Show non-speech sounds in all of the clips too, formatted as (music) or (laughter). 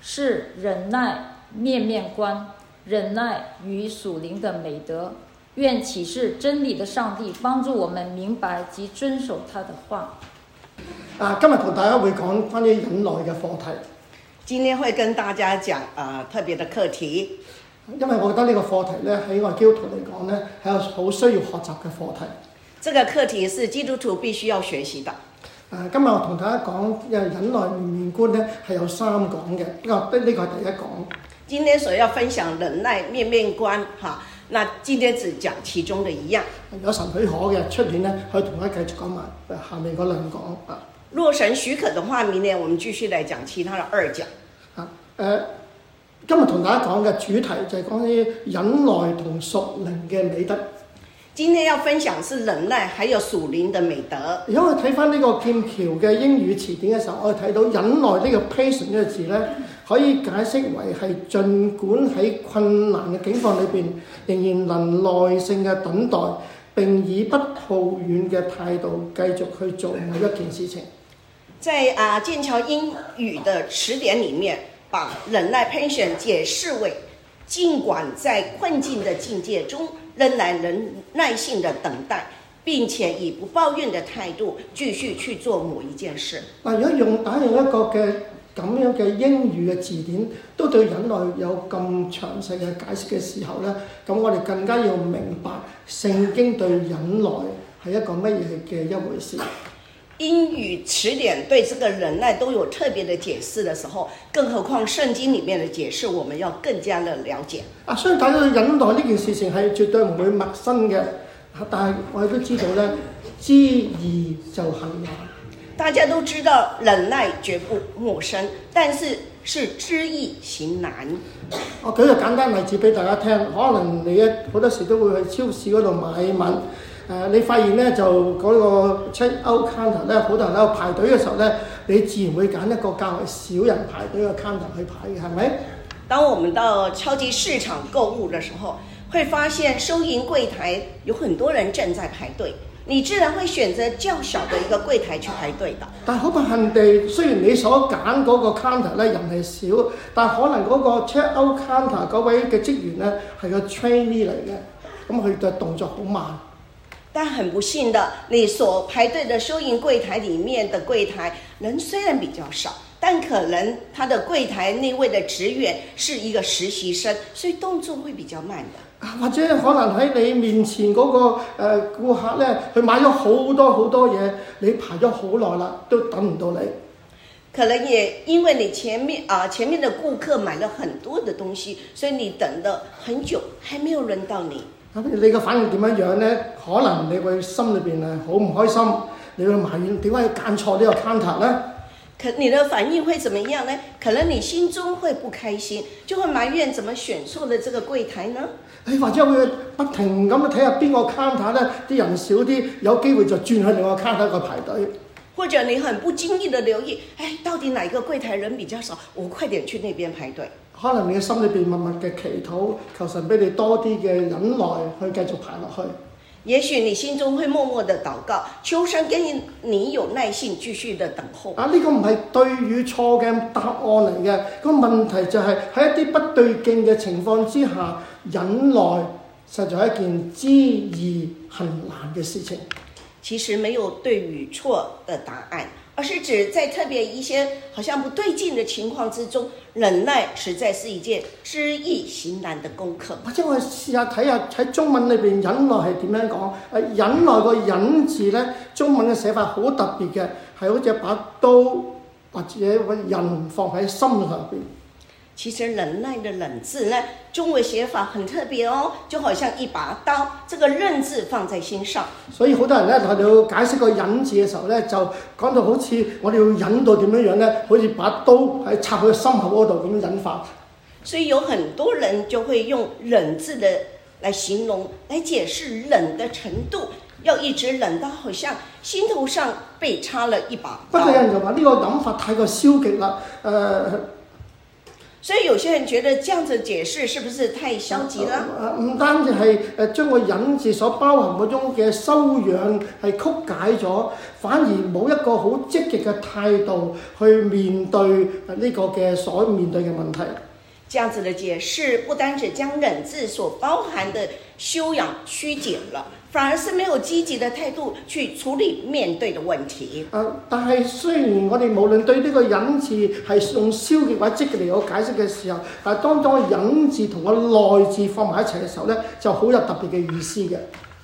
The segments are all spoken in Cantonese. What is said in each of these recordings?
是忍耐面面觀，忍耐與屬靈的美德。願啟示真理的上帝幫助我們明白及遵守他的話。啊，今日同大家會講關於忍耐嘅課題。今天會跟大家講啊、呃，特別的課題。因為我覺得呢個課題咧，喺我基督徒嚟講咧，係好需要學習嘅課題。這個課題是基督徒必須要學習的。誒，今日我同大家講，因忍耐面面觀咧係有三講嘅，比較呢個係、這個、第一講。今天所要分享忍耐面面觀，哈，那今天只講其中的一樣。有神許可嘅，出年咧可以同我繼續講埋下，下面嗰兩講。若神許可嘅話，明年我哋繼續嚟講其他嘅。二講。啊，誒、呃，今日同大家講嘅主題就係關於忍耐同屬靈嘅美德。今天要分享是忍耐，還有屬靈的美德。如果我睇翻呢個劍橋嘅英語詞典嘅時候，我睇到忍耐呢個 patience 呢個字咧，可以解釋為係盡管喺困難嘅境況裏邊仍然能耐性嘅等待，並以不抱怨嘅態度繼續去做每一件事情。在啊，劍橋英語的詞典裏面，把忍耐 patience 解釋為儘管在困境的境界中，仍然能耐性的等待，並且以不抱怨的態度繼續去做某一件事。但如果用打用一個嘅咁樣嘅英語嘅字典，都對忍耐有咁詳細嘅解釋嘅時候咧，咁我哋更加要明白聖經對忍耐係一個乜嘢嘅一回事。英語詞典對這個忍耐都有特別的解釋的時候，更何況聖經裏面的解釋，我們要更加的了解。啊，大家忍耐呢件事情係絕對唔會陌生嘅，但係我哋都知道咧，知易就行難。大家都知道忍耐絕不陌生，但是是知易行難。我舉個簡單例子俾大家聽，可能你一好多時都會去超市嗰度買物。啊、你發現咧就嗰、那個 check out counter 咧，好多人喺度排隊嘅時候咧，你自然會揀一個較少人排隊嘅 counter 去排，係咪？當我們到超級市場購物嘅時候，會發現收銀櫃台有很多人正在排隊，你自然會選擇較小嘅一個櫃台去排隊的。啊啊、但好不幸地，雖然你所揀嗰個 counter 咧人係少，但可能嗰個 check out counter 嗰位嘅職員咧係個 trainee 嚟嘅，咁佢嘅動作好慢。但很不幸的，你所排隊的收銀櫃台裏面的櫃台人雖然比較少，但可能他的櫃台那位的職員是一個實習生，所以動作會比較慢的。啊，或者可能喺你面前嗰個誒顧客咧佢買咗好多好多嘢，你排咗好耐啦，都等唔到你。可能也因為你前面啊、呃、前面的顧客買了很多的東西，所以你等得很久，還沒有輪到你。你個反應點樣樣呢？可能你會心裏邊係好唔開心，你會埋怨點解要揀錯呢個 counter 呢？可你的反應會怎麼樣呢？可能你心中會不開心，就會埋怨怎麼選錯了這個櫃台呢？佢、哎、或者會不停咁睇下邊個 counter 呢？啲人少啲，有機會就轉去另外個 counter 個排隊。或者你很不經意的留意，哎，到底哪個櫃台人比較少，我快點去那邊排隊。可能你嘅心裏邊默默嘅祈禱，求神俾你多啲嘅忍耐，去繼續排落去。也許你心中會默默的禱告，求神跟你有耐性，繼續的等候。啊，呢、這個唔係對與錯嘅答案嚟嘅，個問題，就係喺一啲不對勁嘅情況之下，忍耐實在係一件知易行難嘅事情。其實沒有對與錯嘅答案。.我是指在特別一些好像不對勁的情況之中，忍耐實在是一件知易行難的功課，或者我試下睇下喺中文裏邊忍耐係點樣講，忍耐個忍字咧，中文嘅寫法好特別嘅，係好似把刀或者個人放喺心上邊。其實“忍耐”的“忍”字呢，中文寫法很特別哦，就好像一把刀。這個“刃”字放在心上，所以好多人呢，他都解釋個“忍”字嘅時候呢，就講到好似我哋要忍到點樣樣呢？好似把刀喺插佢心口嗰度咁樣忍法。所以有很多人就會用“忍”字的來形容，來解釋“忍”的程度，要一直忍到好像心頭上被插了一把刀。不過有人就話呢個諗法太過消極啦，呃。所以有些人覺得這樣子解釋是不是太消極啦？唔、啊啊、單止係誒，將個忍字所包含嗰種嘅修養係曲解咗，反而冇一個好積極嘅態度去面對呢個嘅所面對嘅問題。這樣子嘅解釋不單止將忍字所包含嘅修養曲解了。反而是沒有積極的態度去處理面對的問題。誒，但係雖然我哋無論對呢個忍字係用消極或者積極嚟解釋嘅時候，但當當中忍字同個內字放埋一齊嘅時候呢，就好有特別嘅意思嘅。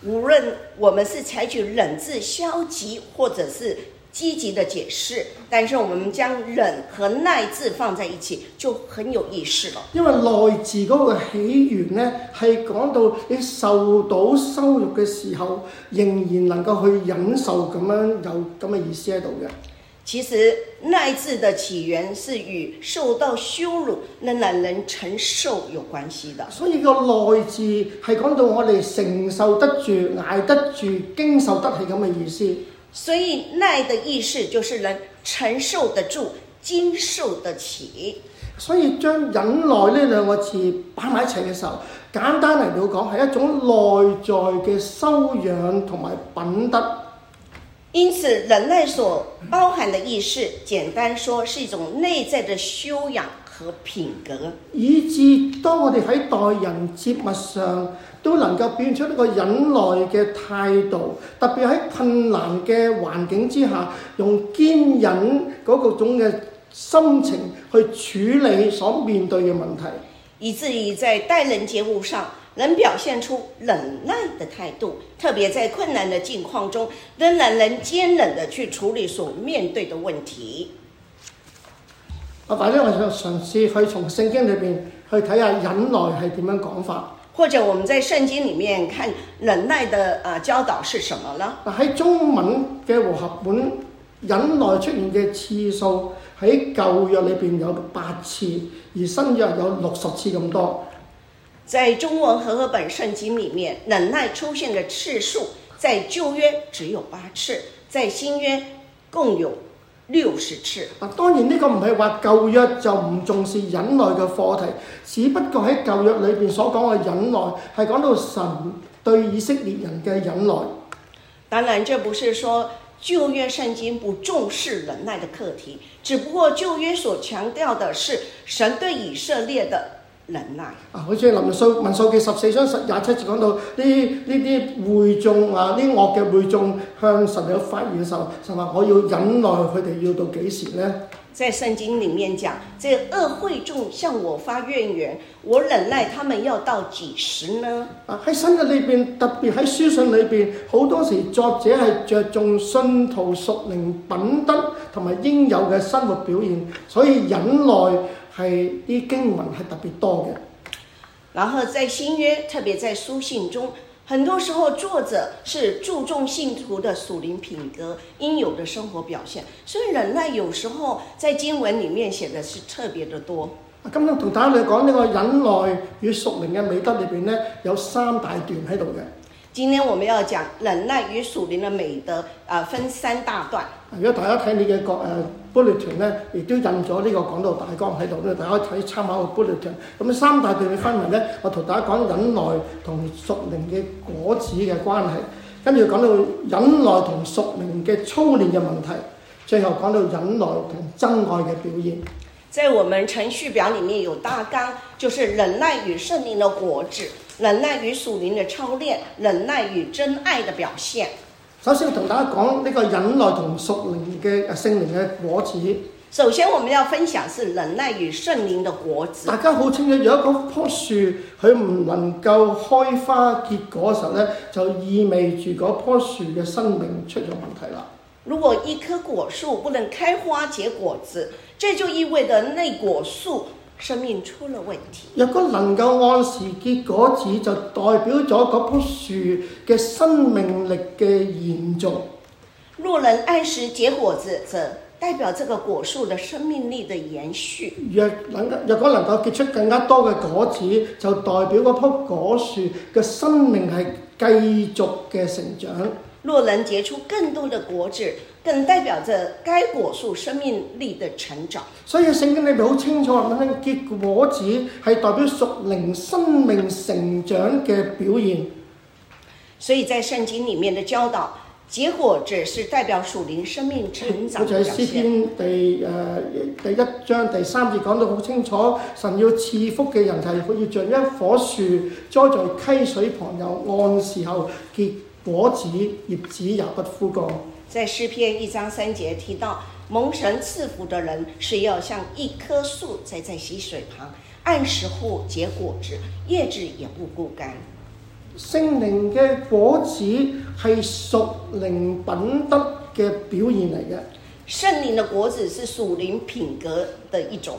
無論我們是採取忍字消極或者是。積極的解釋，但是我們將忍和耐字放在一起就很有意思了。因為耐字嗰個起源呢，係講到你受到羞辱嘅時候，仍然能夠去忍受咁樣，有咁嘅意思喺度嘅。其實耐字的起源是與受到羞辱仍然能承受有關係的。所以個耐字係講到我哋承受得住、挨得住、經受得起咁嘅意思。所以耐的意思就是能承受得住、經受得起。所以將忍耐呢兩個字擺埋一齊嘅時候，簡單嚟到講，係一種內在嘅修養同埋品德。因此，忍耐所包含的意思，簡單說，是一種內在的修養，和品格，以致當我哋喺待人接物上都能夠表現出一個忍耐嘅態度，特別喺困難嘅環境之下，用堅忍嗰各種嘅心情去處理所面對嘅問題，以至於在待人接物上能表現出忍耐嘅態度，特別在困難嘅境況中，仍然能堅忍地去處理所面對嘅問題。我大家，我就嘗試去從聖經裏面去睇下忍耐係點樣講法，或者我們在聖經裡面看忍耐的啊教導是什麼呢？嗱，喺中文嘅和合本忍耐出現嘅次數喺舊約裏邊有八次，而新約有六十次咁多。在中文和合本聖經裡面，忍耐出現嘅次數在舊約只有八次，在新約共有。六十次。嗱，當然呢個唔係話舊約就唔重視忍耐嘅課題，只不過喺舊約裏邊所講嘅忍耐，係講到神對以色列人嘅忍耐。當然，這不是說舊約聖經不重視忍耐的課題，只不過舊約所強調的是神對以色列的。忍耐啊！好似民數記，民數記十四章廿七節講到呢，呢啲會眾啊，呢惡嘅會眾向神發怨言嘅時候，神話，我要忍耐佢哋要到幾時呢？在聖經裏面講，這惡會眾向我發怨言，我忍耐他們要到幾時呢？啊！喺新約裏邊，特別喺書信裏邊，好多時作者係着重信徒屬靈品德同埋應有嘅生活表現，所以忍耐。係啲經文係特別多嘅，然後在新約，特別在書信中，很多時候作者是注重信徒的屬靈品格應有的生活表現，所以忍耐有時候在經文裏面寫的是特別的多。今日同大家嚟講呢個忍耐與屬靈嘅美德裏邊咧，有三大段喺度嘅。今天我們要講忍耐與屬靈嘅美德，啊、呃，分三大段。如果大家睇你嘅角誒。呃 bulletin 咧亦都印咗呢個講到大綱喺度，咁大家可以參考個 bulletin。咁三大段嘅分文咧，我同大家講忍耐同屬靈嘅果子嘅關係，跟住講到忍耐同屬靈嘅操練嘅問題，最後講到忍耐同真愛嘅表現。在我們程序表裡面有大綱，就是忍耐與聖靈嘅果子，忍耐與屬靈嘅操練，忍耐與真愛嘅表現。首先同大家講呢個忍耐同熟靈嘅聖靈嘅果子。首先，我們要分享是忍耐與聖靈的果子。果子大家好清楚，有一棵棵樹，佢唔能夠開花結果嘅時候咧，就意味住嗰棵樹嘅生命出咗問題啦。如果一棵果樹不能開花結果子，這就意味着那果樹。生命出了問題。若果能夠按時結果子，就代表咗嗰棵樹嘅生命力嘅延續。若能按時結果子，則代表這個果樹的生命力的延續。若能，若果能夠結出更加多嘅果子，就代表嗰棵果樹嘅生命係繼續嘅成長。若能結出更多嘅果子，更代表着該果樹生命力的成長，所以聖經裏面好清楚，結果子係代表屬靈生命成長嘅表現。所以在聖經裏面的教導，結果子是代表屬靈生命成長的表現。是我就係詩篇第誒、呃、第一章第三節講得好清楚，神要賜福嘅人係要像一棵樹栽在溪水旁，又按時候結果子，葉子也不枯乾。在詩篇一章三節提到，蒙神賜福的人是要像一棵樹栽在溪水旁，按時候結果子，葉子也不枯乾。聖靈的果子係屬靈品德嘅表現嚟嘅。聖靈的果子是屬靈品格的一種。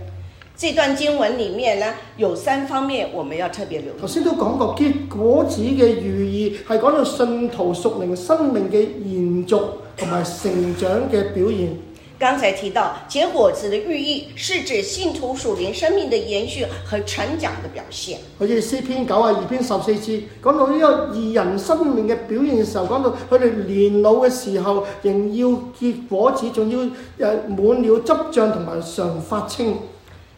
這段經文裏面呢，有三方面我們要特別留意。頭先都講過，結果子嘅寓意係講到信徒屬靈生命嘅延續同埋成長嘅表現。剛才提到結果子嘅寓意是指信徒屬靈生命的延續和成長嘅表現。好似詩篇九十，二篇十四節講到呢個義人生命嘅表現嘅時候，講到佢哋年老嘅時候仍要結果子，仲要誒滿了汁漿同埋常發青。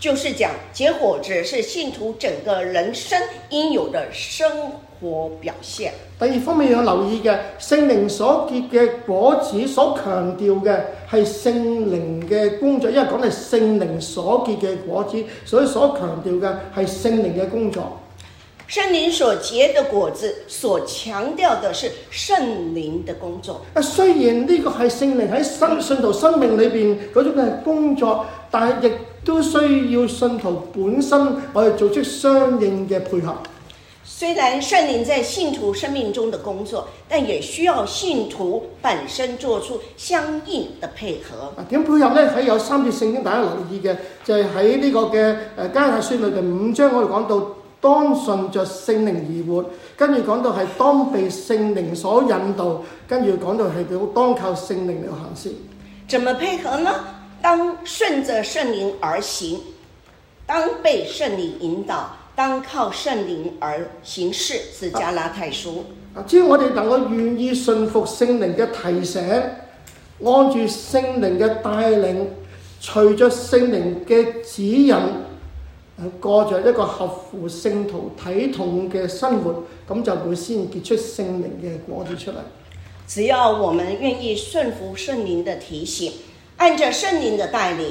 就是講結果子是信徒整個人生應有的生活表現。第二方面要留意嘅，聖靈所結嘅果子所強調嘅係聖靈嘅工作，因為講係聖靈所結嘅果子，所以所強調嘅係聖靈嘅工作。聖靈所結嘅果子所強調嘅，是聖靈嘅工作。啊，雖然呢個係聖靈喺生信徒生命裏邊嗰種嘅工作，但係亦。都需要信徒本身，我哋做出相應嘅配合。雖然聖靈在信徒生命中的工作，但也需要信徒本身做出相應的配合。點配合咧？喺有三節聖經大家留意嘅，就係喺呢個嘅《加拉太書》裏邊五章，我哋講到當順着聖靈而活，跟住講到係當被聖靈所引導，跟住講到係要當靠聖靈嚟行先。怎麼配合呢？當順着聖靈而行，當被聖靈引導，當靠聖靈而行事，是加拉太書，啊。只要我哋能夠願意順服聖靈嘅提醒，按住聖靈嘅帶領，隨着聖靈嘅指引，過着一個合乎聖徒體統嘅生活，咁就會先結出聖靈嘅果子出嚟。只要我們願意順服聖靈嘅提醒。按照聖靈的帶領，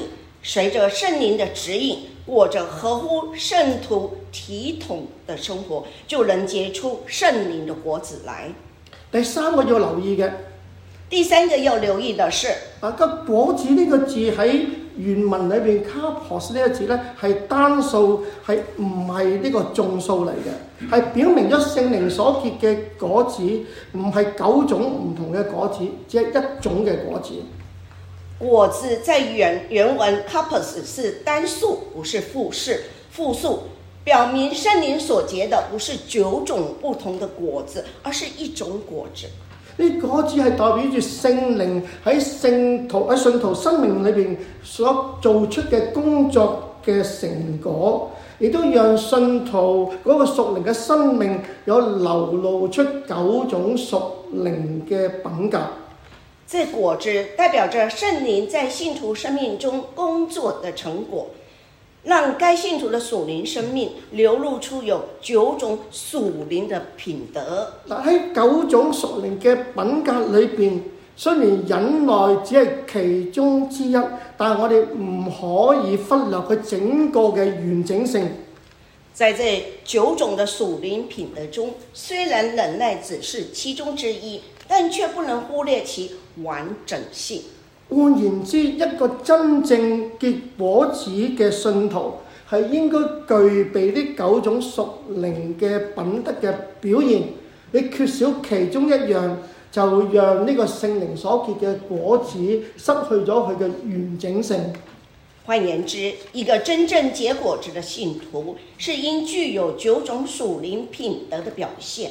隨着聖靈的指引，過着合乎聖徒體統的生活，就能結出聖靈的果子來。第三個要留意嘅，第三個要留意的是，啊，個果子呢個字喺原文裏邊，Karpos 呢個字咧，係單數，係唔係呢個眾數嚟嘅。係表明咗聖靈所結嘅果子唔係九種唔同嘅果子，只係一種嘅果子。果子在原原文 karpos 是單數，不是複數。複數表明聖靈所結的不是九種不同的果子，而是一種果子。呢果子係代表住聖靈喺聖徒喺信徒生命裏邊所做出嘅工作嘅成果，亦都讓信徒嗰個屬靈嘅生命有流露出九種屬靈嘅品格。這果子代表着聖靈在信徒生命中工作的成果，讓該信徒的屬靈生命流露出有九種屬靈的品德。那喺九種屬靈嘅品格裏邊，雖然忍耐只係其中之一，但係我哋唔可以忽略佢整個嘅完整性。在這九種的屬靈品德中，雖然忍耐只是其中之一，但卻不能忽略其。完整性。換言之，一個真正結果子嘅信徒係應該具備呢九種屬靈嘅品德嘅表現。你缺少其中一樣，就會讓呢個聖靈所結嘅果子失去咗佢嘅完整性。換言之，一個真正結果子嘅信徒是應具有九種屬靈品德嘅表現。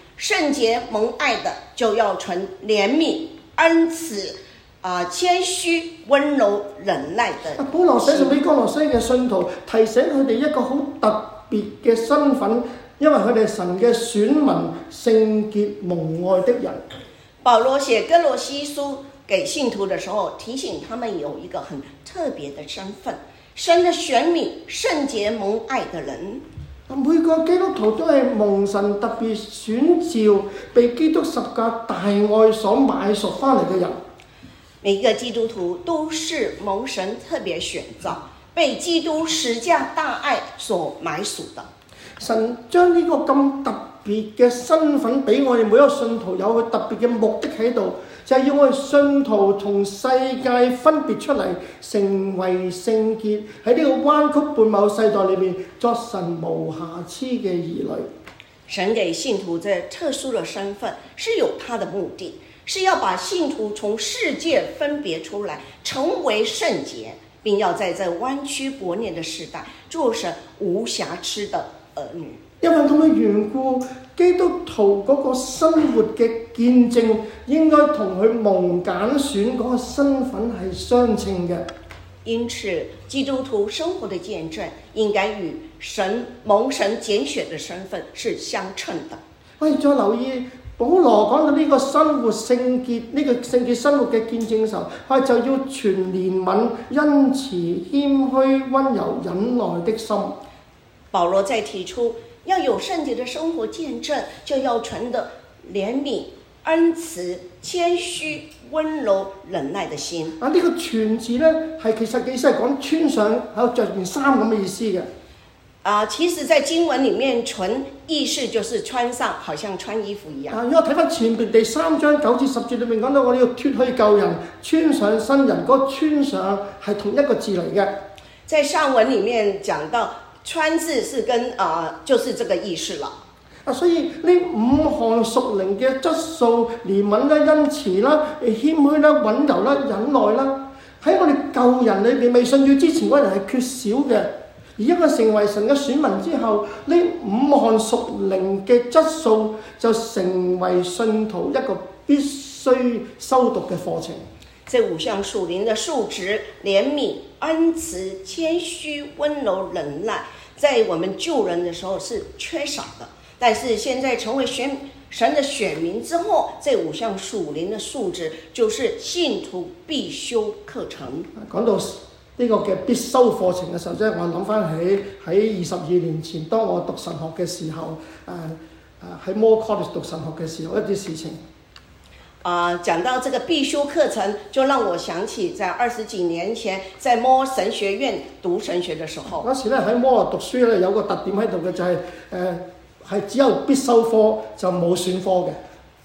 聖潔蒙愛的就要存憐憫恩慈，啊，謙虛温柔忍耐等。保羅寫俾哥羅西嘅信徒，啊、的信徒提醒佢哋一個好特別嘅身份，因為佢哋神嘅選民，聖潔蒙愛的人。保羅寫哥羅西書給信徒嘅時候，提醒他們有一個很特別嘅身份，神嘅選民，聖潔蒙愛的人。每個基督徒都係蒙神特別選召，被基督十架大愛所買贖翻嚟嘅人。每個基督徒都是蒙神特別選召，被基督十架大愛所買贖的。神將呢個咁特別嘅身份俾我哋每一個信徒有個特別嘅目的喺度，就係、是、要我哋信徒同世界分別出嚟，成為聖潔，喺呢個彎曲悖謬世代裏面，作神無瑕疵嘅兒女。神給信徒這特殊嘅身份是有他的目的，是要把信徒從世界分別出來，成為聖潔，並要在這彎曲悖謬的時代做神無瑕疵的兒女。因為咁嘅緣故，基督徒嗰個生活嘅見證應該同佢蒙揀選嗰個身份係相稱嘅。因此，基督徒生活嘅見證應該與神蒙神揀選嘅身份是相稱的。喂，再留意，保羅講到呢個生活聖潔、呢、這個聖潔生活嘅見證嘅時候，佢就要全連吻，因持謙虛、温柔、忍耐的心。保羅再提出。要有聖潔的生活見證，就要存的憐憫、恩慈、謙虛、溫柔、忍耐的心。啊，呢、這個“存”字呢，係其實嘅意思係講穿上，喺度着件衫咁嘅意思嘅。啊，其實，在經文裏面，“存”意思就是穿上，好像穿衣服一樣。啊，因為睇翻前面第三章九至十節裏面講到，我要脫去舊人，穿上新人，嗰“穿上”係同一個字嚟嘅。在上文裏面講到。穿字是跟啊、呃，就是這個意思啦。啊，所以呢五項屬靈嘅質素，憐憫啦、恩慈啦、謙虛啦、温柔啦、忍耐啦，喺我哋舊人裏邊未信主之前嗰陣係缺少嘅，而一個成為神嘅選民之後，呢五項屬靈嘅質素就成為信徒一個必須修讀嘅課程。這五項屬靈的素質，憐憫、恩慈、謙虛、温柔、忍耐，在我們救人的時候是缺少的。但是現在成為選神的選民之後，這五項屬靈的素質，就是信徒必修課程。講到呢個嘅必修課程嘅時候，即係我諗翻起喺二十二年前，當我讀神學嘅時候，誒誒喺 Moore College 讀神學嘅時候一啲事情。啊，講到這個必修課程，就讓我想起在二十幾年前，在摩神學院讀神學的時候。那時呢，喺摩讀書咧，有個特點喺度嘅，就係、是，誒、呃，係只有必修科就冇選科嘅。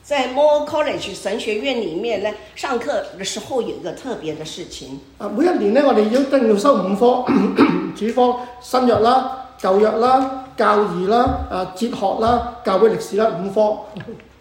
在摩 college 神學院裏面咧，上課嘅時候有一個特別的事情。啊，每一年咧，我哋要一定要修五科咳咳，主科、新約啦、舊約啦、教義啦、啊哲學啦、教會歷史啦，五科。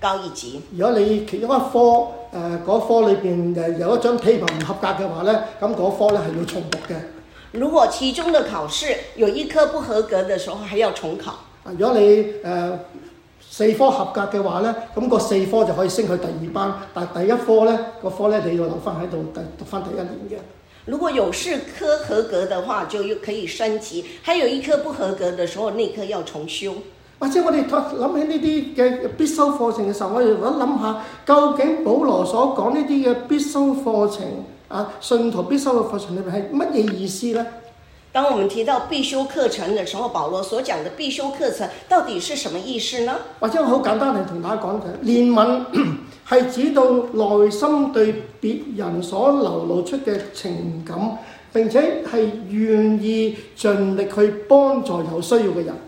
高一級。如果你其中一科誒嗰科裏邊誒有一張 paper 唔合格嘅話咧，咁嗰科咧係要重讀嘅。如果其中嘅考試有一科不合格嘅時候，係要重考。如果你誒四科合格嘅話咧，咁個四科就可以升去第二班，但第一科咧個科咧你要留翻喺度，第讀翻第一年嘅。如果有四科合格嘅話，就又可，可以升級，還有一科不合格嘅時候，那科要重修。或者我哋諗起呢啲嘅必修課程嘅時候，我哋想諗下，究竟保羅所講呢啲嘅必修課程啊，信徒必修嘅課程裏邊係乜嘢意思咧？當我們提到必修課程嘅時候，保羅所講嘅必修課程到底是什麼意思呢？或者好簡單嚟同大家講嘅，憐憫係指到內心對別人所流露出嘅情感，並且係願意盡力去幫助有需要嘅人。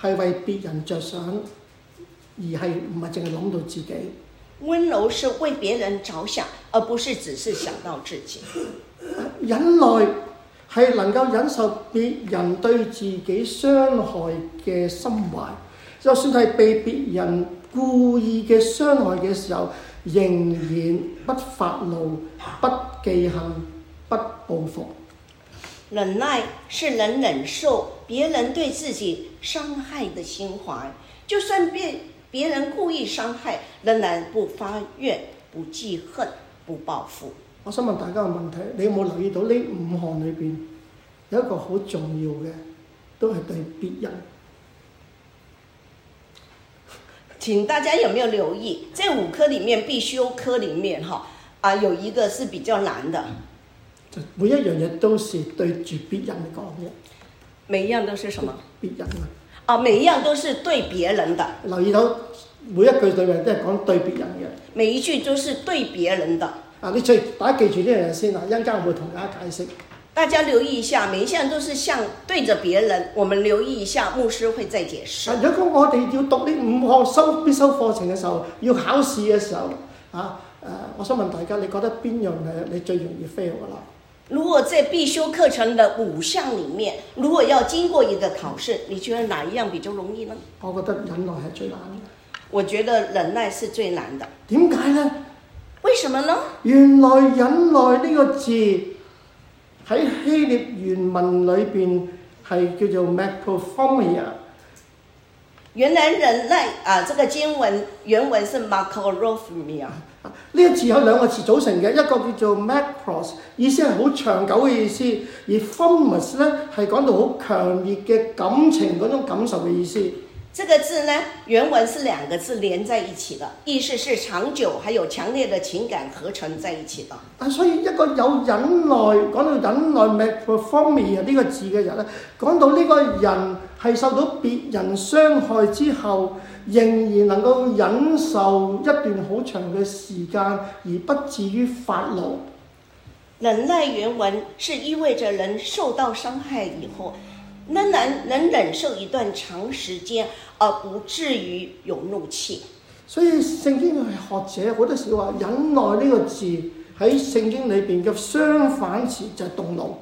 係為別人着想，而係唔係淨係諗到自己。溫柔是為別人着想，而不是只是想到自己。忍耐係能夠忍受別人對自己傷害嘅心懷，就算係被別人故意嘅傷害嘅時候，仍然不發怒、不記恨、不報復。忍耐是能忍受。別人對自己傷害的心懷，就算被別人故意傷害，仍然不發怨、不記恨、不報復。我想問大家個問題：你有冇留意到呢五項裏邊有一個好重要嘅，都係對別人？請大家有沒有留意？這五科裏面必修科裏面哈啊，有一個是比較難嘅。嗯，每一樣嘢都是對住別人講嘅。每一樣都是什麼？別人啊！啊，每一樣都是對別人的。留意到每一句對嘅都係講對別人嘅。每一句都是對別人的。啊，你最大家記住呢樣嘢先啦，一陣間我會同大家解釋。大家留意一下，每一樣都是向對着別人。我們留意一下，牧師會再解釋。啊、如果我哋要讀呢五項修必修，修課程嘅時候，要考試嘅時候，啊，誒、呃，我想問大家，你覺得邊樣係你最容易 fail 噶啦？如果在必修課程的五項裏面，如果要經過一個考試，嗯、你覺得哪一樣比較容易呢？我覺得忍耐係最難。我覺得忍耐是最難的。點解呢？為什麼呢？麼呢原來忍耐呢個字喺希臘原文裏邊係叫做 macrophoria 原來忍耐啊，這個經文原文是 macrophoria 呢個字有兩個字組成嘅，一個叫做 macros，意思係好長久嘅意思；而 famous 呢，係講到好強烈嘅感情嗰種感受嘅意思。這個字呢，原文是兩個字連在一起嘅，意思是長久，還有強烈的情感合成在一起咯。啊，所以一個有忍耐，講到忍耐 macros 方面啊呢個字嘅人咧，講到呢個人係受到別人傷害之後。仍然能夠忍受一段好長嘅時間而不至於發怒。忍耐原文是意味着人受到傷害以後，仍然能忍受一段長時間而不至於有怒氣。所以聖經嘅學者好多時話，忍耐呢個字喺聖經裏面嘅相反詞就係動怒。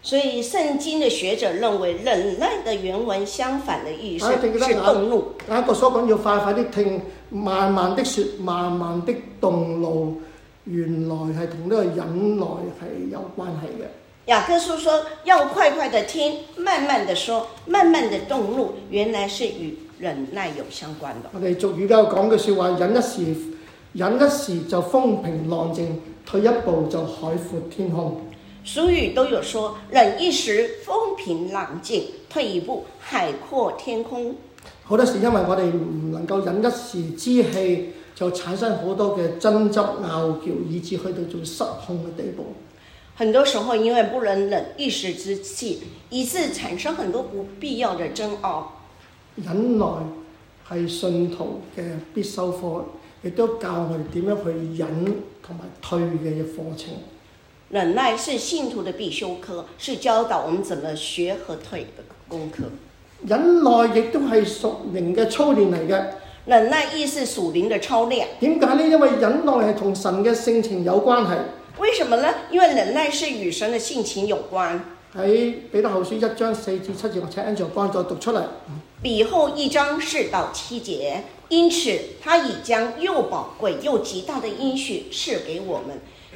所以聖經的學者認為忍耐的原文相反的意思是動怒。雅各所講要快快的聽，慢慢的說，慢慢的動怒，原來係同呢個忍耐係有關係嘅。雅各書說要快快的聽，慢慢的說，慢慢的動怒，原來是與忍耐有相關嘅。我哋俗語都有講嘅說的話，忍一時，忍一時就風平浪靜，退一步就海闊天空。俗語都有說：忍一時風平浪靜，退一步海闊天空。好多時因為我哋唔能夠忍一時之氣，就產生好多嘅爭執拗撬，以致去到最失控嘅地步。很多時候因為不能忍一時之氣，以致產生很多不必要的爭拗。忍耐係信徒嘅必修課，亦都教我哋點樣去忍同埋退嘅課程。忍耐是信徒的必修科，是教導我們怎麼學和退的功課。忍耐亦都係屬靈嘅操練嚟嘅。忍耐亦是屬靈嘅操練。點解呢？因為忍耐係同神嘅性情有關係。為什麼呢？因為忍耐是與神嘅性情有關。喺彼得後書一章四至七節，我請 Angel 幫助讀出嚟。彼後一章四到七節，因此他已將又寶貴又極大的應許賜給我們。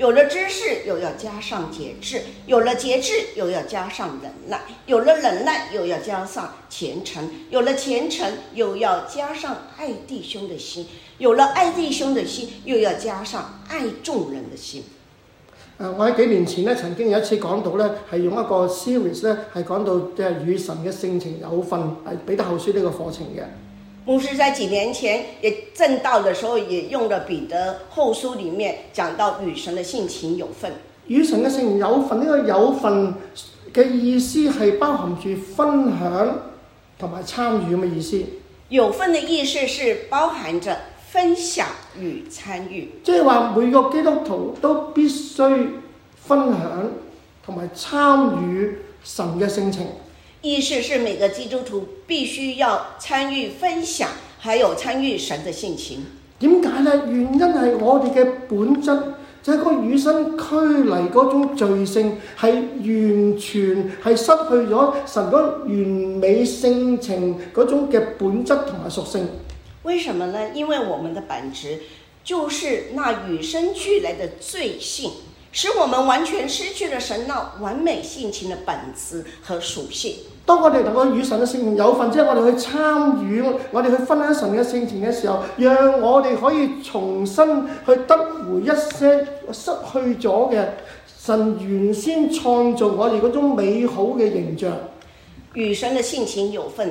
有了知識，又要加上節制；有了節制，又要加上忍耐；有了忍耐，又要加上虔誠；有了虔誠，又要加上愛弟兄的心；有了愛弟兄的心，又要加上愛眾人的心。嗯、呃，我喺幾年前咧，曾經有一次講到呢，係用一個 series 咧，係講到即係與神嘅性情有份，係彼得後書呢個課程嘅。牧師在幾年前也正道的時候，也用咗《彼得後書》裏面講到與神的性情有份。與神嘅性情有份呢個有份嘅意思係包含住分享同埋參與咁嘅意思。有份嘅意思是包含着分享與參與，即係話每個基督徒都必須分享同埋參與神嘅性情。意思是每個基督徒必須要參與分享，還有參與神的性情。點解呢？原因係我哋嘅本質，即係嗰與生俱嚟嗰種罪性，係完全係失去咗神嗰完美性情嗰種嘅本質同埋屬性。為什麼呢？因為我們的本質就是那與生俱來的罪性，使我們完全失去了神那完美性情的本質和屬性。當、哦、我哋能夠與神嘅性情有份，即係我哋去參與，我哋去分享神嘅性情嘅時候，讓我哋可以重新去得回一些失去咗嘅神原先創造我哋嗰種美好嘅形象。與神嘅性情有份。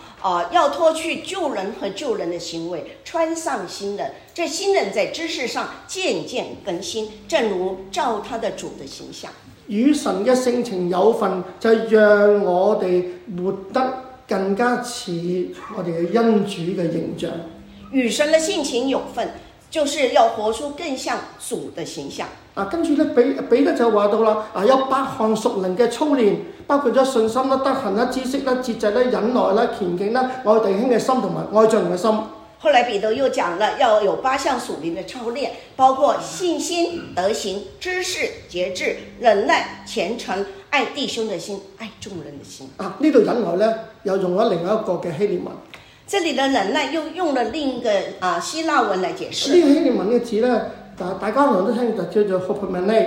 啊、呃，要脫去舊人和舊人的行為，穿上新人。這新人在知識上漸漸更新，正如照他的主的形象。與神的性情有份，就是、讓我哋活得更加似我哋恩主嘅形象。與神嘅性情有份。就是要活出更像主的形象啊！跟住咧，比彼得就話到啦，啊有八項屬靈嘅操練，包括咗信心啦、德行啦、知識啦、節制啦、忍耐啦、虔敬啦、愛弟兄嘅心同埋愛眾人嘅心。心後來彼得又講啦，要有八項屬靈嘅操練，包括信心、德行、知識、節制、忍耐、虔誠、愛弟兄嘅心、愛眾人嘅心。啊，呢度忍耐咧又用咗另外一個嘅希臘文。這裏的人呢，又用了另一個啊希臘文來解釋。希臘文嘅字咧，大大家可能都聽，就叫做 hopmoni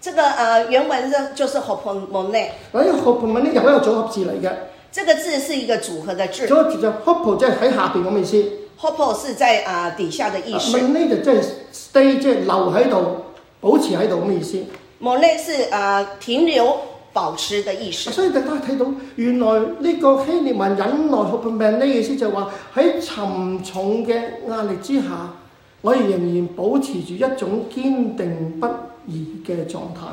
這個，呃，原文就就是 hopmoni。嗱，依個 hopmoni 又一個組合字嚟嘅。這個字是一個組合的字。組合字就 hop，即係喺下邊咁意思。hop 是在啊底下的意思。moni 就即係 stay，即係留喺度，保持喺度咁意思。moni 是啊停留。保持的意識，所以大家睇到原來呢個希臘文忍耐命命，呢意思就係話喺沉重嘅壓力之下，我哋仍然保持住一種堅定不移嘅狀態。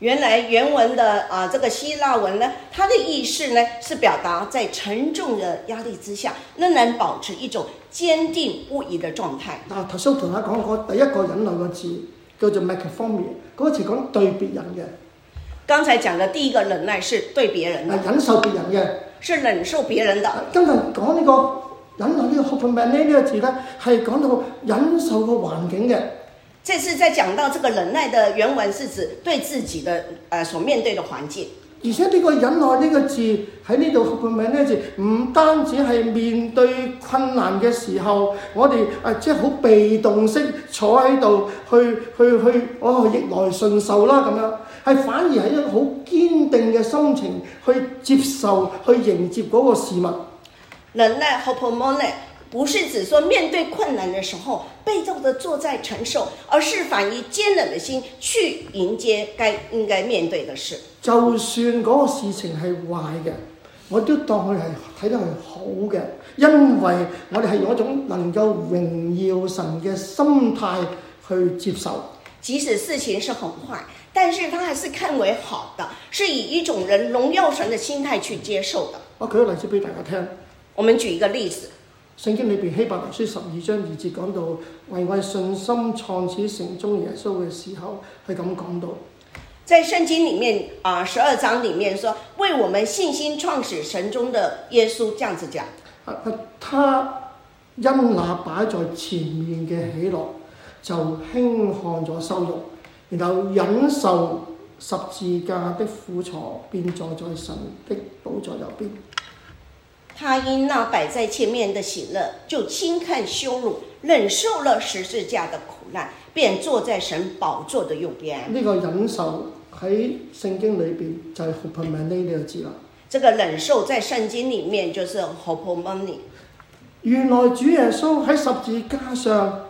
原來原文嘅啊、呃，這個希臘文咧，佢嘅意思咧是表達在沉重嘅壓力之下，仍然保持一種堅定不移嘅狀態。頭先同大家講過第一個忍耐個字 ia, 個字叫做 makrothumia，嗰個字講對別人嘅。剛才講的第一個忍耐是對別人的，忍受別人嘅，是忍受別人嘅。今日講呢個忍耐呢個 hupomone 呢個字咧，係講到忍受個環境嘅。這次再講到這個忍耐嘅原文是指對自己嘅，誒、呃、所面對嘅環境。而且呢個忍耐呢個字喺呢度 hupomone 字，唔單止係面對困難嘅時候，我哋誒即係好被動式坐喺度去去去，哦，逆來順受啦咁樣。係反而係一好堅定嘅心情去接受、去迎接嗰個事物。忍耐 p a t i n c e 不是指說面對困難嘅時候，被動的坐在承受，而是反以堅忍嘅心去迎接該應該面對嘅事。就算嗰個事情係壞嘅，我都當佢係睇得係好嘅，因為我哋係用一種能夠榮耀神嘅心態去接受。即使事情是很壞。但是他還是看為好的，是以一種人榮耀神的心態去接受的。我舉個例子給大家聽。我們舉一個例子，聖經裏邊希伯來書十二章二節講到為我信心創始成終耶穌嘅時候，係咁講到。在係聖經裏面啊，十、呃、二章裏面說，為我們信心創始成終的耶穌，這樣子講。啊，啊，他因那擺在前面嘅喜樂，就輕看咗羞辱。然後忍受十字架的苦楚，便坐在神的寶座右邊。他因那擺在前面的喜樂，就輕看羞辱，忍受了十字架的苦難，便坐在神寶座的右邊。呢個忍受喺聖經裏邊就係 hupomone 呢你又知啦。這個忍受在聖經裏面就是 hupomone。原來主耶穌喺十字架上。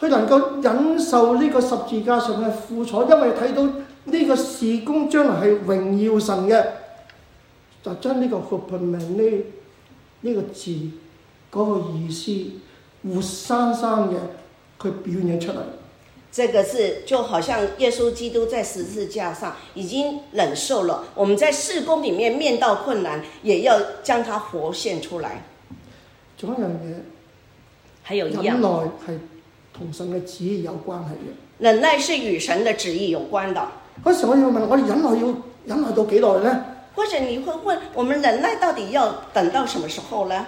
佢能夠忍受呢個十字架上嘅苦楚，因為睇到呢個事工將來係榮耀神嘅，就將呢個服貧命呢呢個字嗰、那個意思活生生嘅佢表現出嚟。這個字就好像耶穌基督在十字架上已經忍受了，我們在事工裡面面到困難，也要將它活現出來。仲有一樣忍耐係。同神嘅旨意有關係嘅，忍耐是與神的旨意有關的。嗰時我要問，我哋忍耐要忍耐到幾耐呢？或者你會問，我們忍耐到底要等到什麼時候呢？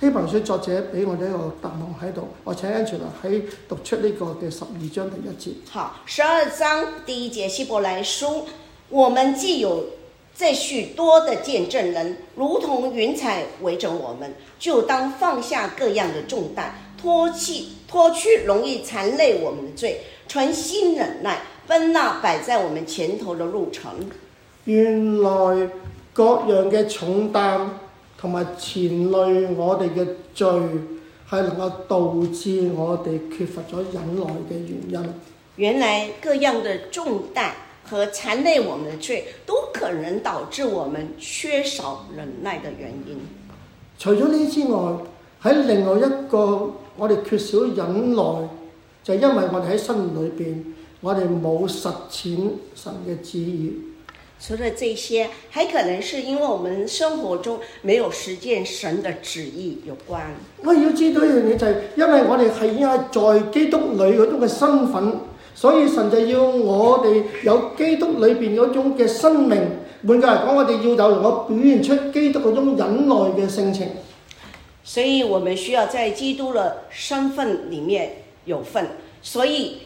希伯來書作者俾我哋一個答案喺度，我請 Andrew 喺讀出呢個嘅十二章第一節。好，十二章第一節希伯來書，我們既有這許多的見證人，如同雲彩圍著我們，就當放下各樣的重擔。脫去脫去容易纏累我們的罪，存心忍耐奔那擺在我們前頭的路程。原來各樣嘅重擔同埋纏累我哋嘅罪，係能夠導致我哋缺乏咗忍耐嘅原因。原來各樣嘅重擔和纏累我們嘅罪，都可能導致我們缺少忍耐嘅原因。除咗呢之外，喺另外一個。我哋缺少忍耐，就是、因為我哋喺身裏邊，我哋冇實踐神嘅旨意。除了這些，還可能是因為我們生活中沒有實踐神的旨意有關。我要知道一樣嘢，就是、因為我哋係喺在基督裏嗰種嘅身份，所以神就要我哋有基督裏邊嗰種嘅生命。換句話嚟講，我哋要有能夠表現出基督嗰種忍耐嘅性情。所以，我們需要在基督的身份裏面有份。所以，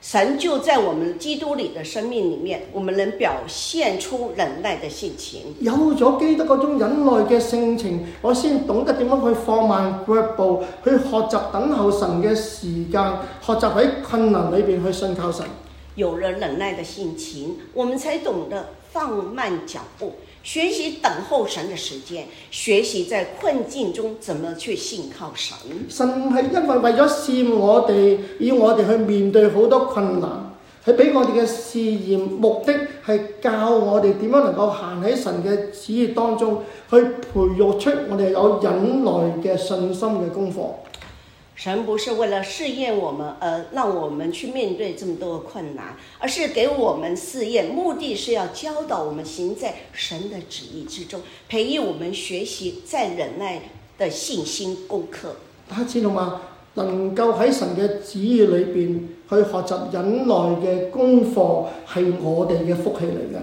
神就在我們基督裏的生命裏面，我們能表現出忍耐的性情。有咗基督嗰種忍耐嘅性情，我先懂得點樣去放慢腳步，去學習等候神嘅時間，學習喺困難裏邊去信靠神。有了忍耐的性情，我們才懂得放慢腳步。學習等候神的時間，學習在困境中怎麼去信靠神。神是因為為咗試我哋，要我哋去面對好多困難，係俾我哋嘅試驗。目的係教我哋點樣能夠行喺神嘅旨意當中，去培育出我哋有忍耐嘅信心嘅功課。神不是為了試驗我們而讓我們去面對這麼多困難，而是給我們試驗，目的是要教導我們行在神的旨意之中，培育我們學習在忍耐的信心功課。大家知道嗎？能夠喺神嘅旨意裏邊去學習忍耐嘅功課，係我哋嘅福氣嚟嘅。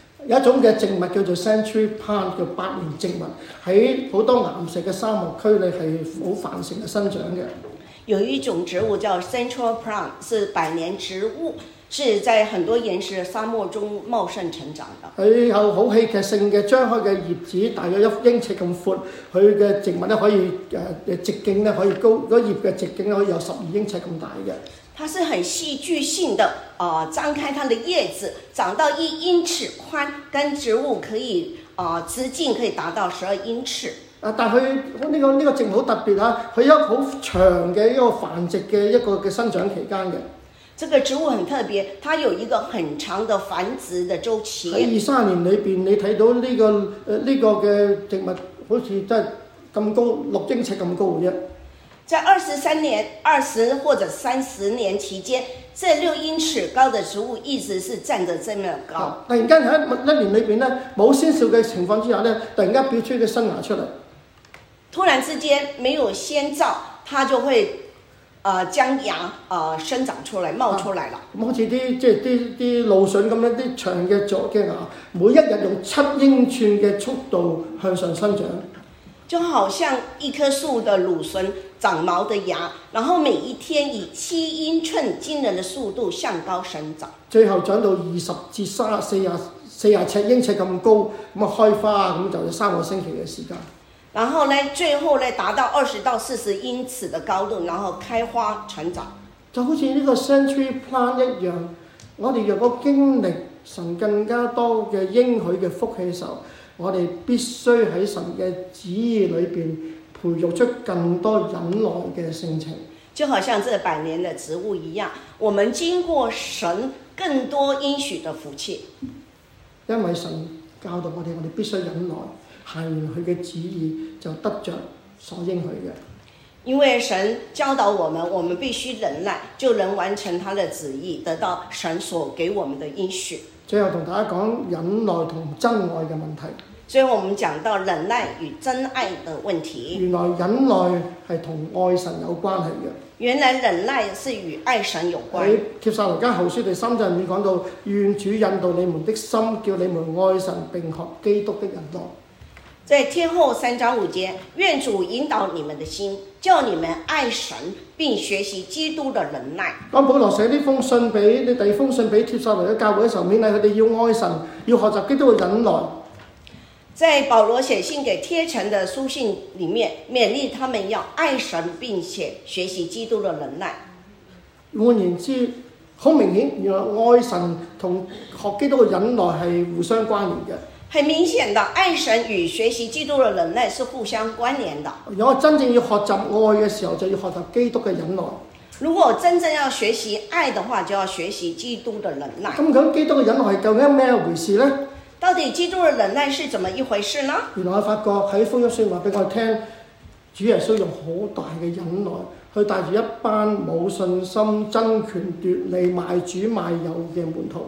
有一種嘅植物叫做 century plant 叫百年植物，喺好多岩石嘅沙漠區咧係好繁盛嘅生長嘅。有一種植物叫 century plant，是百年植物，是在很多岩石沙漠中茂盛成長嘅。佢有好戲劇性嘅張開嘅葉子，大約一英尺咁闊。佢嘅植物咧可以誒誒、呃、直徑咧可以高，嗰葉嘅直徑可以有十二英尺咁大嘅。它是很戲劇性的，啊、呃，張開它的葉子，長到一英尺寬，跟植物可以，啊、呃，直徑可以達到十二英尺。啊，但佢呢、呢個呢、呢個植物好特別啊，佢有好長嘅一個繁殖嘅一個嘅生長期間嘅。這個植物很特別，它有一個很長嘅繁殖嘅週期。喺二三年裏邊，這個，你睇到呢個誒呢個嘅植物好，好似真係咁高六英尺咁高嘅啫。在二十三年，二十或者三十年期間，這六英尺高的植物一直是站着這麼高。突然間喺一年裏面呢，冇先兆嘅情況之下呢，突然間飆出一個新芽出來，突然之間沒有先兆，它就會呃將芽呃生長出來，冒出來了。好似啲即係啲啲蘆筍噉樣，啲長嘅竹嘅芽，每一日用七英寸嘅速度向上生長，就好像一棵樹的蘆筍。長毛的牙，然後每一天以七英寸驚人的速度向高生長，最後長到二十至卅四廿四十七英尺咁高，咁啊開花咁就要三個星期嘅時間，然後咧最後咧達到二十到四十英尺的高度，然後開花成長，就好似呢個 century plant 一樣，我哋若果經歷神更加多嘅應許嘅福氣嘅時候，我哋必須喺神嘅旨意裏邊。培育出更多忍耐嘅性情，就好像這百年的植物一樣。我們經過神更多應許的福氣，因為神教導我哋，我哋必須忍耐，行完佢嘅旨意，就得着所應許嘅。因為神教導我們，我們必須忍耐，就能完成他的旨意，得到神所給我們的應許。最後同大家講忍耐同真愛嘅問題。所以，我們講到忍耐與真愛的問題。原來忍耐係同愛神有關係嘅。原來忍耐是與愛神有關。喺帖撒羅加後書第三章，你講到願主引導你們的心，叫你們愛神，並學基督的忍耐。在天後三章五節，願主引導你們的心，叫你們愛神，並學習基督的忍耐。當保羅寫呢封信俾，這第封信俾帖撒羅加教會嘅時候，勉勵佢哋要愛神，要學習基督嘅忍耐。在保羅寫信給帖前的書信裏面，勉勵他們要愛神，並且學習基督的忍耐。換言之，好明顯，原來愛神同學基督嘅忍耐係互相關聯嘅。很明顯的，愛神與學習基督嘅忍耐係互相關聯嘅。如果真正要學習愛嘅時候，就要學習基督嘅忍耐。如果真正要學習愛嘅話，就要學習基督嘅忍耐。咁咁，基督嘅忍耐係究竟係咩回事咧？到底基督嘅忍耐係怎麼一回事呢？原來我發覺喺福音書話俾我聽，主耶穌用好大嘅忍耐，去帶住一班冇信心、爭權奪利、賣主賣友嘅門徒。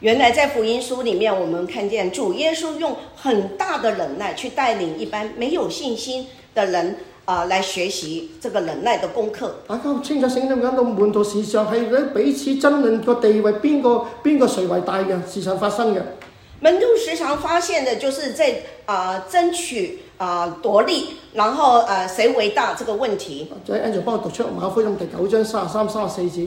原來在福音書裏面，我們看見主耶穌用很大的忍耐去帶領一班沒有信心的人。啊！來學習這個忍耐的功課。大家、啊、清楚先啦，講到門徒時常係彼此爭論個地位，邊個邊個誰為大嘅時常發生嘅。門徒時常發現嘅，就是在啊、呃、爭取啊、呃、奪利，然後啊、呃、誰為大這個問題。就 Andrew、啊、幫我讀出馬可福音第九章三十三、三十四節。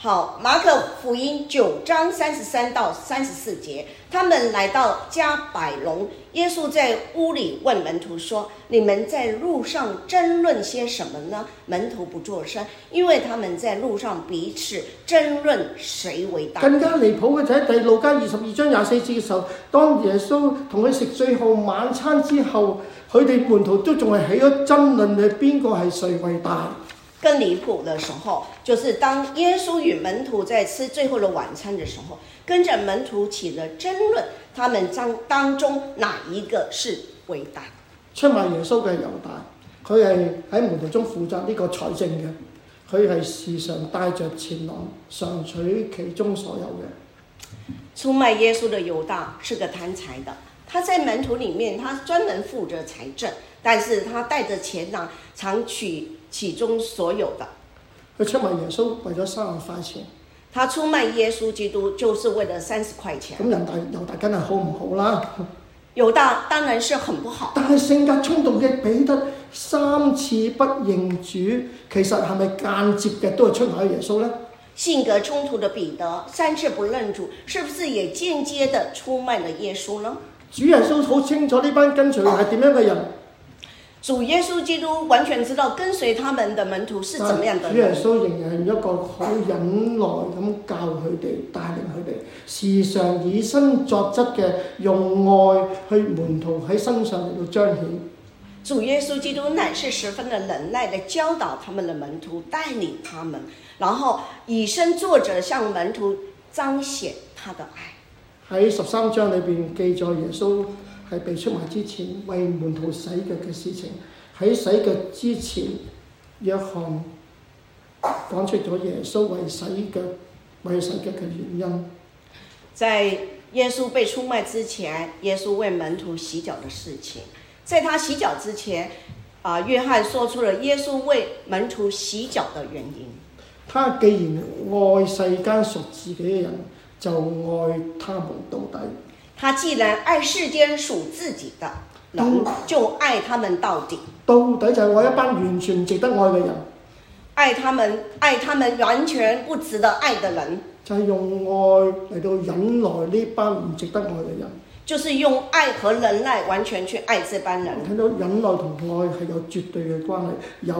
好，馬可福音九章三十三到三十四節，他們來到迦百農，耶穌在屋裏問門徒說：你們在路上爭論些什麼呢？門徒不作聲，因為他們在路上彼此爭論誰為大。更加離譜嘅就是第六加二十二章廿四節嘅時候，當耶穌同佢食最後晚餐之後，佢哋門徒都仲係起咗爭論你邊個係誰為大。更離譜的時候，就是當耶穌與門徒在吃最後的晚餐的時候，跟着門徒起了爭論，他們當當中哪一個是偉大？出賣耶穌的猶大，佢係喺門徒中負責呢個財政的，佢係時常帶着錢囊，常取其中所有的。出賣耶穌的猶大是個貪財的，他在門徒裏面，他專門負責財政，但是他帶着錢囊，常取。其中所有的，佢出賣耶穌為咗三十塊錢。他出賣耶穌基督就是為了三十塊錢。咁人大，猶大梗係好唔好啦？猶大當然是很不好。但係性格衝動嘅彼得三次不認主，其實係咪間接嘅都係出賣耶穌呢？性格衝突嘅彼得三次不認主，是不是也間接嘅出賣咗耶穌呢？主耶穌好清楚呢班跟隨係點樣嘅人。嗯主耶穌基督完全知道跟隨他們的門徒是怎樣的。主耶穌仍然一個好忍耐咁教佢哋，帶領佢哋，時常以身作則嘅，用愛去門徒喺身上嚟到彰顯。主耶穌基督乃是十分的忍耐，嚟教導他們嘅門徒，帶領他們，然後以身作則向門徒彰顯他的愛。喺十三章裏邊記載耶穌。喺被出賣之前，為門徒洗腳嘅事情，喺洗腳之前，約翰講出咗耶穌為洗腳、為洗腳嘅原因。在耶穌被出賣之前，耶穌為門徒洗腳嘅事情，在他洗腳之前，啊，約翰說出了耶穌為門徒洗腳嘅原因。他既然愛世間屬自己嘅人，就愛他們到底。他既然愛世間屬自己的人，嗯、就愛他們到底。到底就係我一班完全唔值得愛嘅人，愛他們，愛他們完全不值得愛的人，就係用愛嚟到忍耐呢班唔值得愛嘅人。就是用愛和忍耐完全去愛這班人。睇到忍耐同愛係有絕對嘅關係，有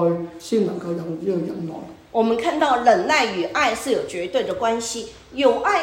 愛先能夠有呢個忍耐。我們看到忍耐與愛是有絕對的關係，有愛。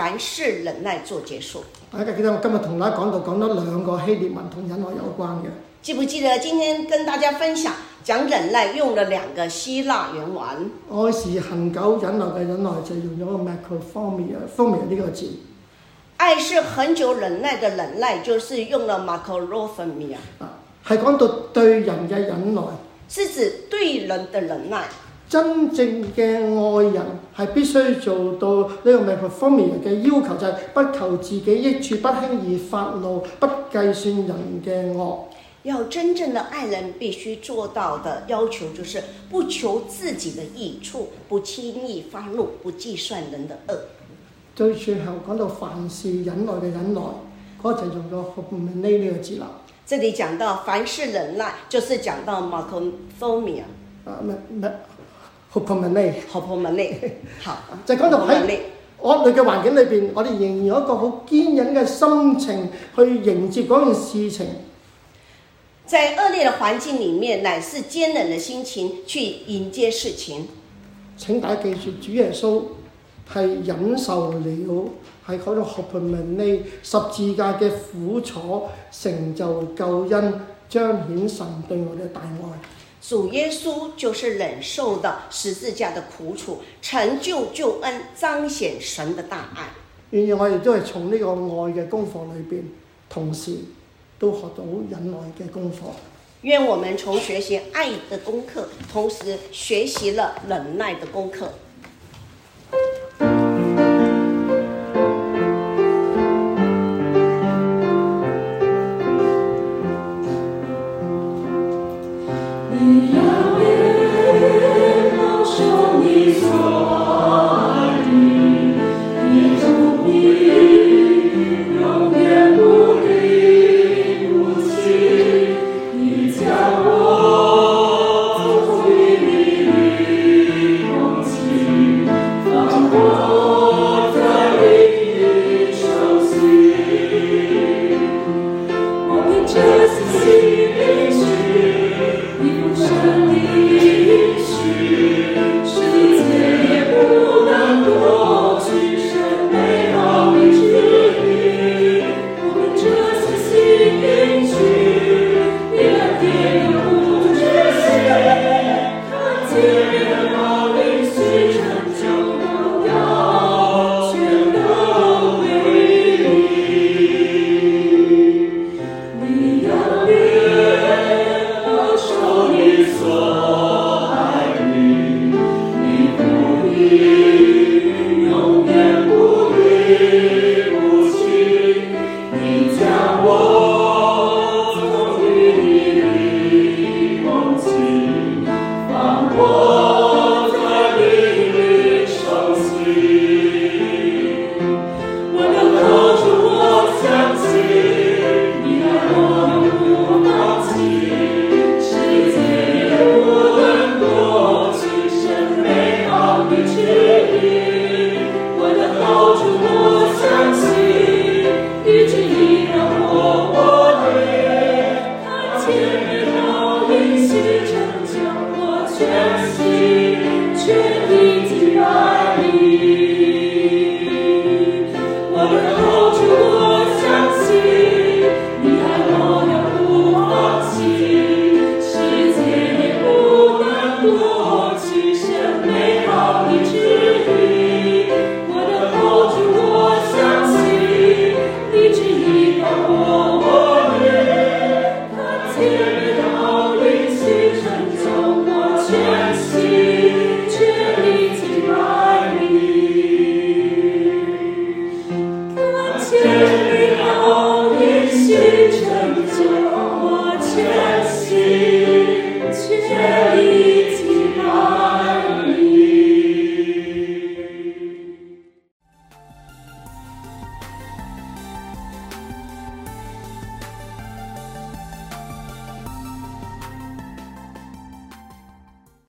凡事忍耐做結束。大家記得我今日同大家講到講咗兩個希臘文同忍耐有關嘅。記不記得今天跟大家分享講忍耐用了兩個希臘原文？記記丸愛是恒久忍耐嘅忍耐就用咗個 makrothumia 啊 makrothumia 呢個字。愛是恒久忍耐的忍耐就是用了 makrothumia 啊，係講到對人嘅忍耐，是指對人的忍耐。真正嘅愛人係必須做到呢個 Makrothumia 嘅要求，就係不求自己益處，不輕易發怒，不計算人嘅惡。要真正的愛人必須做到的要求，就是不求自己嘅益處，不輕易發怒，不計算人嘅惡。最最後講到凡事忍耐嘅忍耐，嗰就用咗 Hupomone 呢呢個字啦。這裡講到凡事忍耐，就是講到 Makrothumia 啊，明明。何破民力？何破民力？好， (noise) (noise) 就講到喺惡劣嘅環境裡邊，我哋仍然有一個好堅忍嘅心情去迎接嗰件事情。在惡劣嘅環境裡面，乃是堅忍嘅心情去迎接事情。請大家記住，主耶穌係忍受了，係嗰種何破民力十字架嘅苦楚，成就救恩，彰顯神對我哋嘅大愛。主耶穌就是忍受的十字架的苦楚，成就救恩，彰顯神的大愛。願我亦都係從呢個愛嘅功課裏邊，同時都學到忍耐嘅功課。願我們從學習愛嘅功課，同時學習了忍耐的功課。